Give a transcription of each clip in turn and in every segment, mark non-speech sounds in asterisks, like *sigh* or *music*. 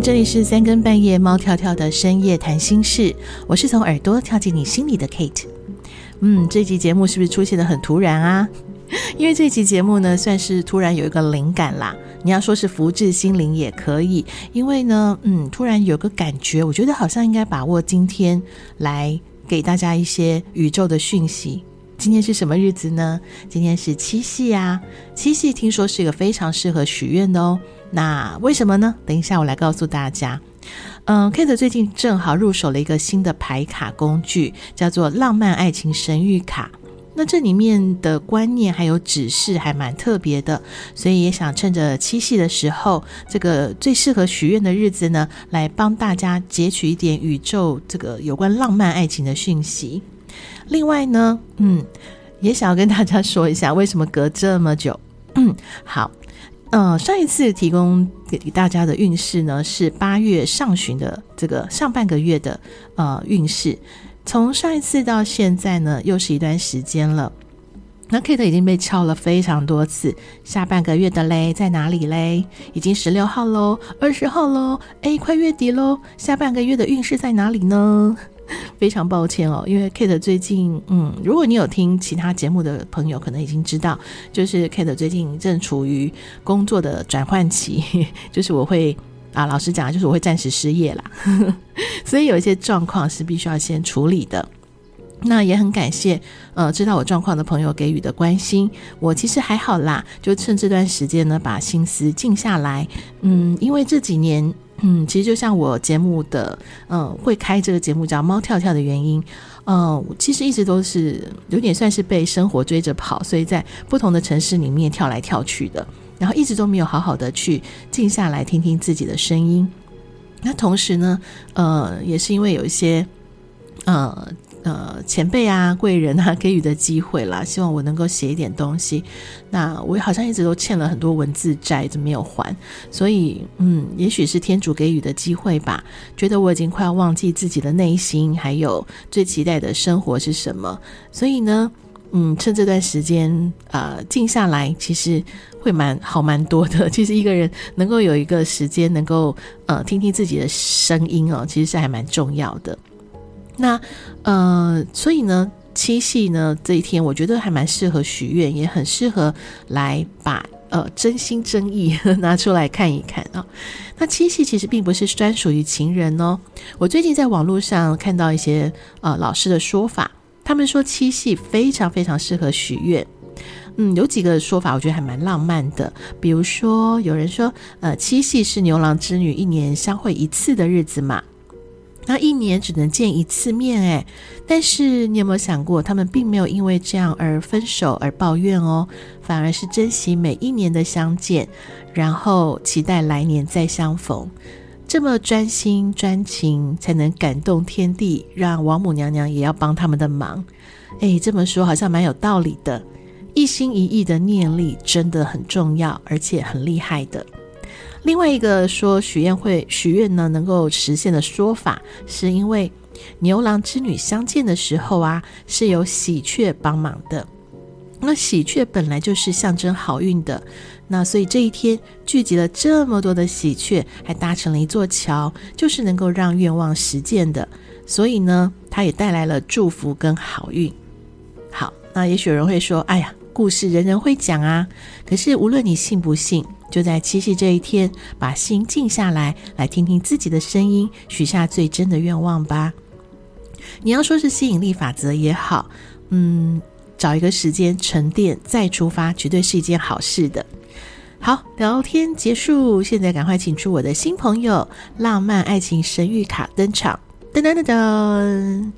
這裡是三更半夜，貓跳跳的深夜談心事。我是從耳朵跳進你心裡的 Kate。嗯，這期節目是不是出現得很突然啊？因為這期節目呢，算是突然有一個靈感啦。你要說是福至心靈也可以，因為呢，嗯，突然有個感覺，我覺得好像應該把握今天來給大家一些宇宙的訊息。今天是什麼日子呢？今天是七夕啊！七夕聽說是一個非常適合許願的哦。那為什麼呢？等一下我來告訴大家。嗯，Kate 最近正好入手了一個新的牌卡工具，叫做浪漫愛情神諭卡。那這裡面的觀念還有指示還蠻特別的，所以也想趁着七夕的時候，這個最適合許願的日子呢，來幫大家截取一點宇宙這個有關浪漫愛情的訊息。另外呢，嗯，也想要跟大家說一下，為什麼隔這麼久。嗯，好，呃，上一次提供給大家的運勢呢，是八月上旬的這個上半個月的呃運勢。從上一次到現在呢，又是一段時間了。那 Kate 已經被敲了非常多次，下半個月的嘞在哪裡嘞？已經十六號嘍，二十號嘍，誒，快月底嘍，下半個月的運勢在哪裡呢？非常抱歉哦，因為 Kate 最近，嗯，如果你有聽其他節目的朋友，可能已經知道，就是 Kate 最近正處於工作的轉換期，就是我會啊，老實講，就是我會暫時失業啦，呵呵，所以有一些狀況是必須要先處理的。那也很感謝呃，知道我狀況的朋友給予的關心。我其實還好啦，就趁這段時間呢，把心思靜下來。嗯，因為這幾年。嗯，其實就像我節目的，嗯、呃，會開這個節目叫《貓跳跳》的原因，嗯、呃，其實一直都是有點算是被生活追着跑，所以在不同的城市裡面跳來跳去的，然後一直都沒有好好的去靜下來聽聽自己的聲音。那同時呢，呃，也是因為有一些，呃，呃，前輩啊，貴人啊，給予的機會啦，希望我能夠寫一點東西。那我好像一直都欠了很多文字債，就沒有還。所以，嗯，也許是天主給予的機會吧，覺得我已經快要忘記自己的內心，還有最期待的生活是什麼。所以呢，嗯，趁這段時間，呃，靜下來，其實會蠻好，蠻多的。其實一個人能夠有一個時間，能夠呃，聽聽自己的聲音哦、喔，其實是還蠻重要的。那，呃，所以呢，七夕呢，這一天，我覺得還蠻適合許願，也很適合來把呃真心真意拿出來看一看啊、哦。那七夕其實並不是專屬於情人哦。我最近在網絡上看到一些呃老師的說法，他們說七夕非常非常適合許願。嗯，有幾個說法我覺得還蠻浪漫的，比如說有人說，呃，七夕是牛郎織女一年相會一次的日子嘛。那一年只能見一次面。欸，哎，但是你有沒有想過，他們並沒有因為這樣而分手而抱怨哦，反而是珍惜每一年的相見，然後期待來年再相逢。這麼專心專情，才能感動天地，讓王母娘娘也要幫他們的忙。哎，這麼說好像蠻有道理的，一心一意的念力真的很重要，而且很厲害的。另外一個說許願會許願呢能夠實現的說法，是因為牛郎織女相見的時候啊，是有喜鵲幫忙的。那喜鵲本來就是象徵好運的，那所以這一天聚集了這麼多的喜鵲，還搭成了一座橋，就是能夠讓願望實現的。所以呢，它也帶來了祝福跟好運。好，那也許有人會說，哎呀。故事人人會講啊，可是無論你信不信，就在七夕這一天，把心靜下來，來聽聽自己的聲音，許下最真的願望吧。你要說是吸引力法則也好，嗯，找一個時間沉澱再出發，絕對是一件好事的。好，聊天結束，現在趕快請出我的新朋友——浪漫愛情神諭卡登場！噔噔噔噔，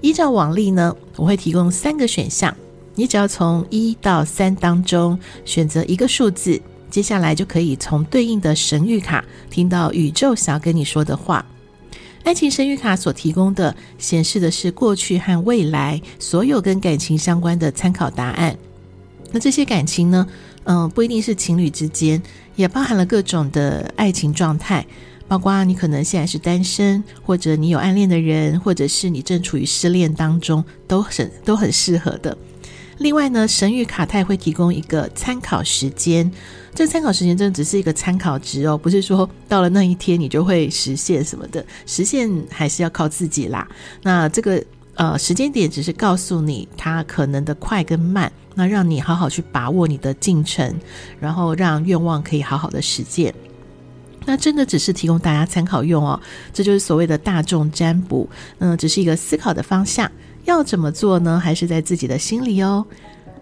依照往例呢，我會提供三個選項。你只要從一到三當中選擇一個數字，接下來就可以從對應的神諭卡聽到宇宙想要跟你說的話。愛情神諭卡所提供的顯示的是過去和未來所有跟感情相關的參考答案。那這些感情呢？嗯、呃，不一定是情侶之間，也包含了各種的愛情狀態，包括你可能現在是單身，或者你有暗戀的人，或者是你正處於失戀當中，都很都很適合的。另外呢，神諭卡也會提供一個參考時間，這個參考時間真的只是一個參考值哦，不是說到了那一天你就會實現什麼的，實現還是要靠自己啦。那這個呃時間點只是告訴你它可能的快跟慢，那讓你好好去把握你的進程，然後讓願望可以好好的實踐。那真的只是提供大家參考用哦，這就是所謂的大眾占卜，嗯、呃，只是一個思考的方向。要怎麼做呢？還是在自己的心裡哦。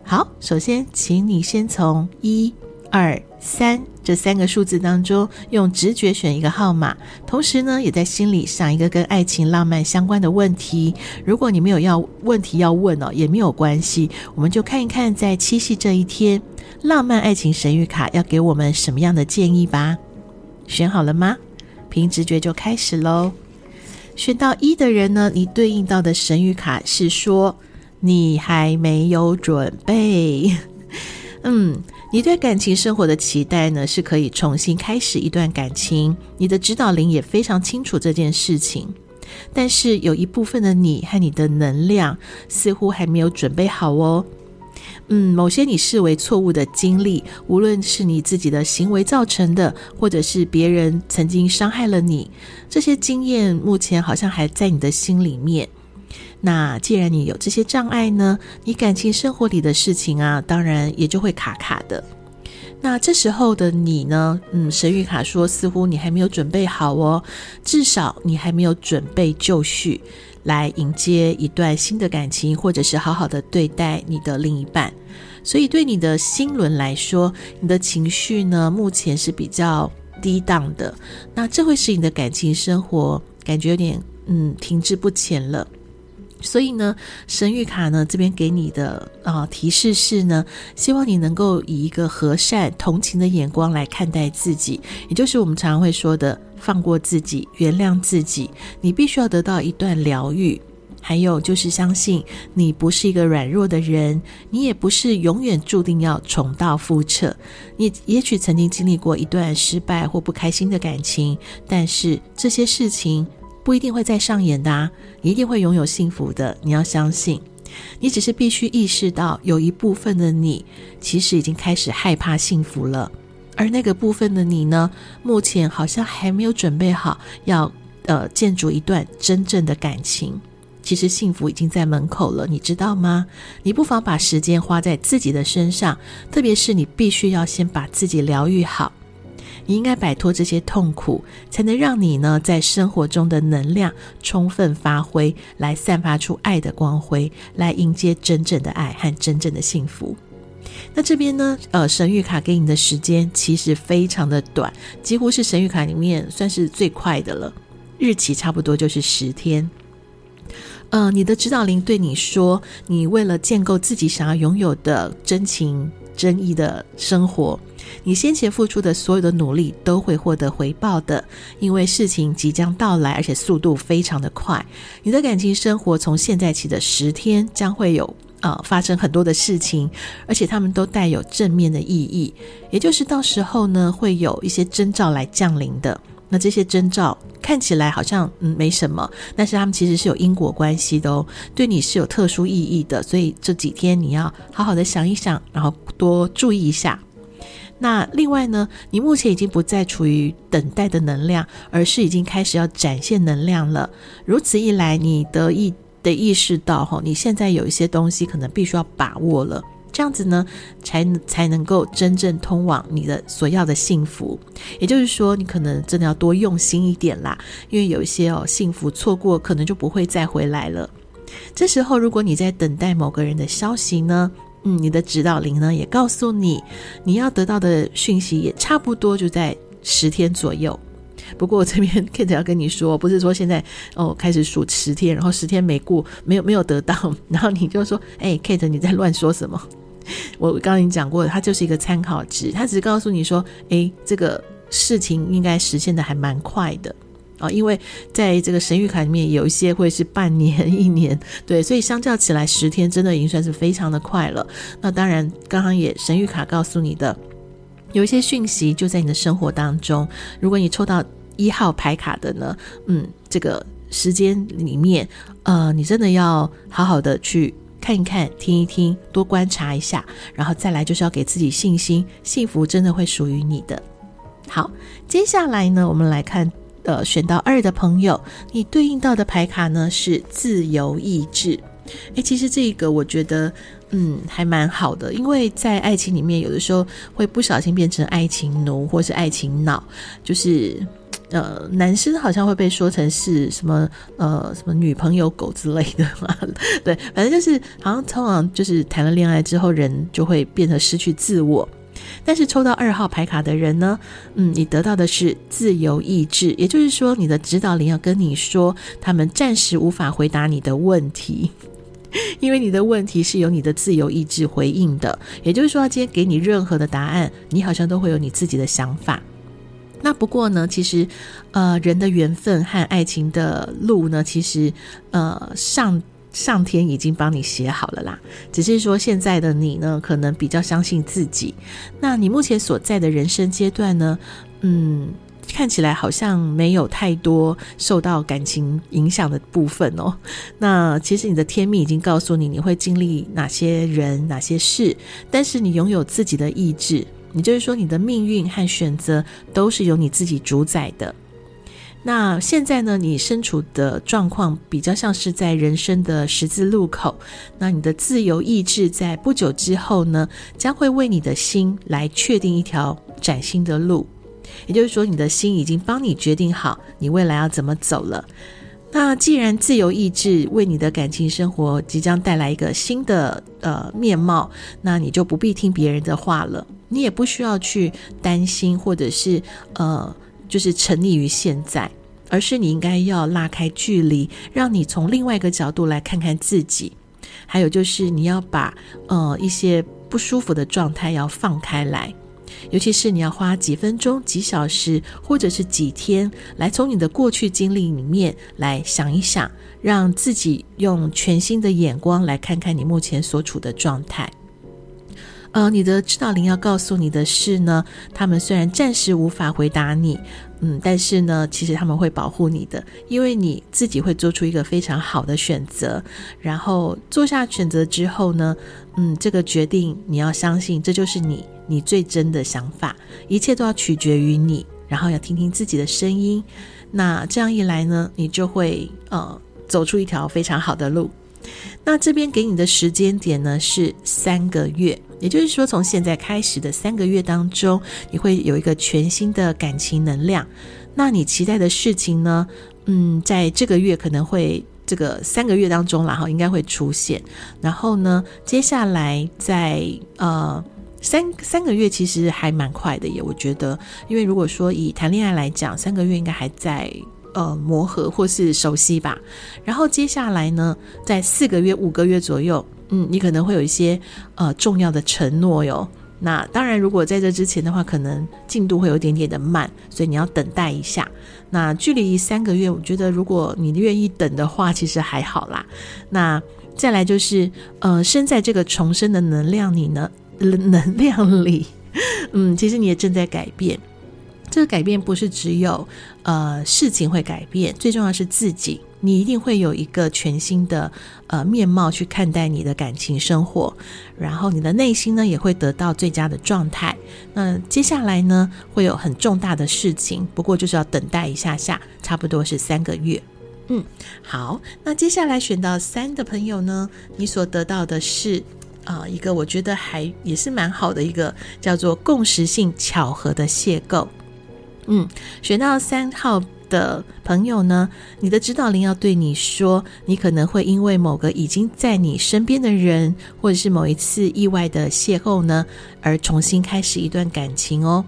好，首先，請你先從一、二、三這三個數字當中，用直覺選一個號碼，同時呢，也在心裡想一個跟愛情、浪漫相關的問題。如果你沒有要問題要問，哦，也沒有關係，我們就看一看在七夕這一天，浪漫愛情神諭卡要給我們什麼樣的建議吧。選好了嗎？憑直覺就開始嘍。選到一的人呢，你對應到的神諭卡是說，你還沒有準備。 *laughs* 嗯，你對感情生活的期待呢，是可以重新開始一段感情。你的指導靈也非常清楚這件事情，但是有一部分的你和你的能量似乎還沒有準備好哦。嗯，某些你視為錯誤的經歷，無論是你自己的行為造成的，或者是別人曾經傷害了你，這些經驗目前好像還在你的心裡面。那既然你有這些障礙呢，你感情生活裡的事情啊，當然也就會卡卡的。那這時候的你呢？嗯，神諭卡說，似乎你還沒有準備好哦，至少你還沒有準備就緒，來迎接一段新的感情，或者是好好的對待你的另一半。所以對你的心輪來說，你的情緒呢，目前是比較低檔的，那這會使你的感情生活感覺有點，嗯，停滯不前了。所以呢，神諭卡呢這邊給你的啊、呃、提示是呢，希望你能夠以一個和善、同情的眼光來看待自己，也就是我們常常會說的，放過自己、原諒自己。你必須要得到一段療癒，還有就是相信你不是一個軟弱的人，你也不是永遠注定要重蹈覆轍。你也許曾經經歷過一段失敗或不開心的感情，但是這些事情，不一定會再上演的啊，你一定會擁有幸福的。你要相信，你只是必須意識到，有一部分的你，其實已經開始害怕幸福了。而那個部分的你呢，目前好像還沒有準備好要呃，建築一段真正的感情。其實幸福已經在門口了，你知道嗎？你不妨把時間花在自己的身上，特別是你必須要先把自己療癒好。你應該擺脫這些痛苦，才能讓你呢，在生活中的能量充分發揮，來散發出愛的光輝，來迎接真正的愛和真正的幸福。那這邊呢，呃，神諭卡給你的時間其實非常的短，幾乎是神諭卡裡面算是最快的了，日期差不多就是十天。呃，你的指導靈對你說，你為了建構自己想要擁有的真情。真意的生活，你先前付出的所有的努力都會獲得回報的，因為事情即將到來，而且速度非常的快。你的感情生活從現在起的十天將會有啊，呃，發生很多的事情，而且它們都帶有正面的意義，也就是到時候呢會有一些徵兆來降臨的。那這些徵兆看起來好像嗯沒什麼，但是他們其實是有因果關係的哦，對你是有特殊意義的，所以這幾天你要好好的想一想，然後多注意一下。那另外呢，你目前已經不再處於等待的能量，而是已經開始要展現能量了。如此一來，你得意，得意識到你現在有一些東西可能必須要把握了。這樣子呢，才才能夠真正通往你的所要的幸福。也就是說，你可能真的要多用心一點啦，因為有一些哦，幸福錯過可能就不會再回來了。這時候，如果你在等待某個人的消息呢，嗯，你的指導靈呢也告訴你，你要得到的訊息也差不多就在十天左右。不過我這邊 Kate 要跟你說，不是說現在哦開始數十天，然後十天沒過，沒有沒有得到，然後你就說，哎，Kate 你在亂說什麼？我剛剛已經講過了，它就是一個參考值，它只是告訴你說，哎，這個事情應該實現的還蠻快的啊，哦，因為在這個神諭卡裡面有一些會是半年、一年，對，所以相較起來十天真的已經算是非常的快了。那當然，剛剛也神諭卡告訴你的有一些訊息就在你的生活當中，如果你抽到。一號牌卡的呢，嗯，這個時間裡面，呃，你真的要好好的去看一看、聽一聽、多觀察一下，然後再來就是要給自己信心，幸福真的會屬於你的。好，接下來呢，我們來看，呃，選到二的朋友，你對應到的牌卡呢，是自由意志。誒，其實這一個我覺得，嗯，還蠻好的，因為在愛情裡面，有的時候會不小心變成愛情奴或是愛情腦，就是。呃，男生好像會被說成是什麼呃，什麼女朋友狗之類的嘛？ *laughs* 對，反正就是好像，通常就是談了戀愛之後，人就會變得失去自我。但是抽到二號牌卡的人呢，嗯，你得到的是自由意志，也就是說，你的指導靈要跟你說，他們暫時無法回答你的問題，因為你的問題是由你的自由意志回應的。也就是說，要今天給你任何的答案，你好像都會有你自己的想法。那不過呢，其實，呃，人的緣分和愛情的路呢，其實，呃，上上天已經幫你寫好了啦。只是說現在的你呢，可能比較相信自己。那你目前所在的人生階段呢，嗯，看起來好像沒有太多受到感情影響的部分哦。那其實你的天命已經告訴你，你會經歷哪些人、哪些事，但是你擁有自己的意志。也就是說，你的命運和選擇都是由你自己主宰的。那現在呢？你身處的狀況比較像是在人生的十字路口。那你的自由意志在不久之後呢，將會為你的心來確定一條嶄新的路。也就是說，你的心已經幫你決定好你未來要怎麼走了。那既然自由意志為你的感情生活即將帶來一個新的呃面貌，那你就不必聽別人的話了。你也不需要去擔心，或者是呃，就是沉溺於現在，而是你應該要拉開距離，讓你從另外一個角度來看看自己。還有就是你要把呃一些不舒服的狀態要放開來，尤其是你要花幾分鐘、幾小時或者是幾天來從你的過去經歷裡面來想一想，讓自己用全新的眼光來看看你目前所處的狀態。呃，你的指導靈要告訴你的是呢，他們雖然暫時無法回答你，嗯，但是呢，其實他們會保護你的，因為你自己會做出一個非常好的選擇。然後做下選擇之後呢，嗯，這個決定你要相信，這就是你你最真的想法，一切都要取決於你。然後要聽聽自己的聲音，那這樣一來呢，你就會呃，走出一條非常好的路。那這邊給你的時間點呢是三個月，也就是說從現在開始的三個月當中，你會有一個全新的感情能量。那你期待的事情呢？嗯，在這個月可能會這個三個月當中，然後應該會出現。然後呢，接下來在呃三三個月其實還蠻快的耶，我覺得，因為如果說以談戀愛來講，三個月應該還在。呃，磨合或是熟悉吧。然後接下來呢，在四個月、五個月左右，嗯，你可能會有一些呃重要的承諾喲。那當然，如果在這之前的話，可能進度會有一點點的慢，所以你要等待一下。那距離三個月，我覺得如果你願意等的話，其實還好啦。那再來就是，呃，身在這個重生的能量裡呢，能，能量裡，嗯，其實你也正在改變。這個改變不是只有呃事情會改變，最重要是自己，你一定會有一個全新的呃面貌去看待你的感情生活，然後你的內心呢，也會得到最佳的狀態。那接下來呢，會有很重大的事情，不過就是要等待一下下，差不多是三個月。嗯，好，那接下來選到三的朋友呢，你所得到的是啊、呃、一個我覺得還也是蠻好的一個叫做共時性巧合的邂逅。嗯，選到三號的朋友呢，你的指導靈要對你說，你可能會因為某個已經在你身邊的人，或者是某一次意外的邂逅呢，而重新開始一段感情哦。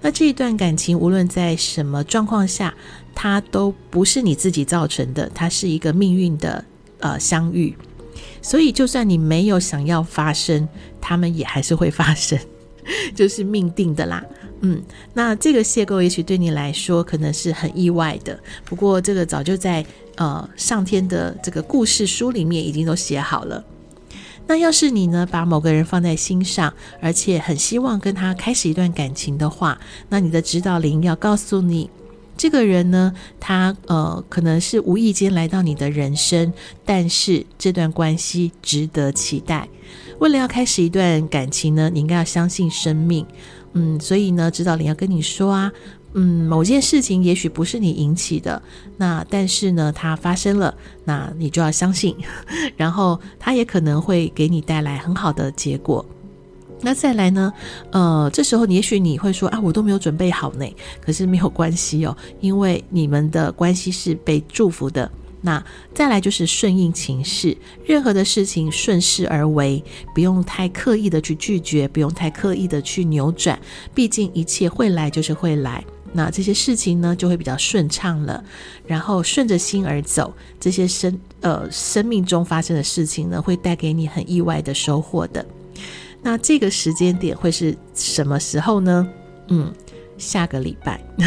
那這一段感情，無論在什麼狀況下，它都不是你自己造成的，它是一個命運的，呃，相遇。所以，就算你沒有想要發生，他們也還是會發生，就是命定的啦。嗯，那這個邂逅也許對你來說可能是很意外的，不過這個早就在呃上天的這個故事書裡面已經都寫好了。那要是你呢，把某個人放在心上，而且很希望跟他開始一段感情的話，那你的指導靈要告訴你，這個人呢，他呃可能是無意間來到你的人生，但是這段關係值得期待。為了要開始一段感情呢，你應該要相信生命。嗯，所以呢，指導靈要跟你說啊，嗯，某件事情也許不是你引起的，那但是呢，它發生了，那你就要相信呵呵，然後它也可能會給你帶來很好的結果。那再來呢，呃，這時候也許你會說啊，我都沒有準備好呢，可是沒有關係哦，因為你們的關係是被祝福的。那再來就是順應情勢，任何的事情順勢而為，不用太刻意的去拒絕，不用太刻意的去扭轉，畢竟一切會來就是會來。那這些事情呢，就會比較順暢了。然後順着心而走，這些生呃生命中發生的事情呢，會帶給你很意外的收穫的。那這個時間點會是什麼時候呢？嗯。下個禮拜， *laughs*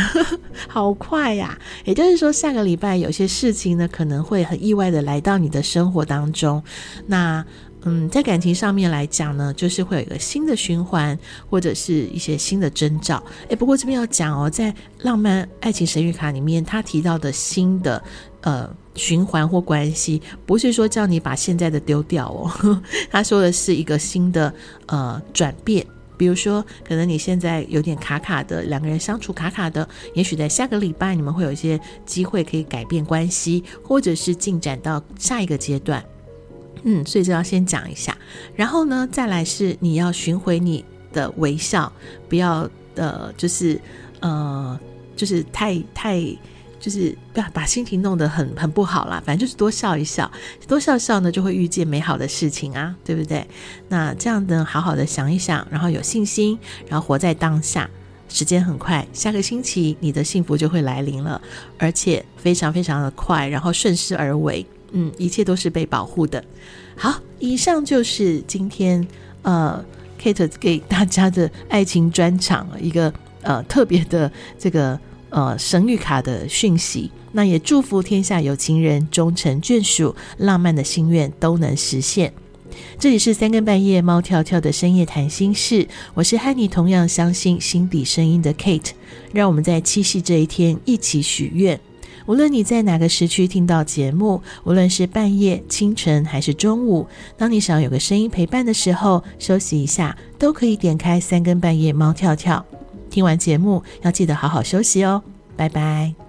好快呀、啊！也就是說，下個禮拜有些事情呢，可能會很意外的來到你的生活當中。那，嗯，在感情上面來講呢，就是會有一個新的循環，或者是一些新的徵兆。哎，不過這邊要講哦，在浪漫愛情神諭卡裡面，他提到的新的呃循環或關係，不是說叫你把現在的丟掉哦。 *laughs* 他說的是一個新的呃轉變。比如說，可能你現在有點卡卡的，兩個人相處卡卡的，也許在下個禮拜你們會有一些機會可以改變關係，或者是進展到下一個階段。嗯，所以就要先講一下，然後呢，再來是你要尋回你的微笑，不要呃，就是呃，就是太太。就是不要把心情弄得很很不好啦，反正就是多笑一笑，多笑笑呢，就會遇見美好的事情啊，對不對？那這樣呢，好好的想一想，然後有信心，然後活在當下，時間很快，下個星期你的幸福就會來臨了，而且非常非常的快，然後順勢而為，嗯，一切都是被保護的。好，以上就是今天呃 Kate 給大家的愛情專場一個呃特別的這個。呃，神諭卡的訊息，那也祝福天下有情人終成眷屬，浪漫的心願都能實現。這裡是三更半夜貓跳跳的深夜談心事，我是和你同樣相信心底聲音的 Kate，讓我們在七夕這一天一起許願。無論你在哪個時區聽到節目，無論是半夜、清晨還是中午，當你想要有個聲音陪伴的時候，休息一下都可以點開三更半夜貓跳跳。聽完節目要記得好好休息哦，拜拜。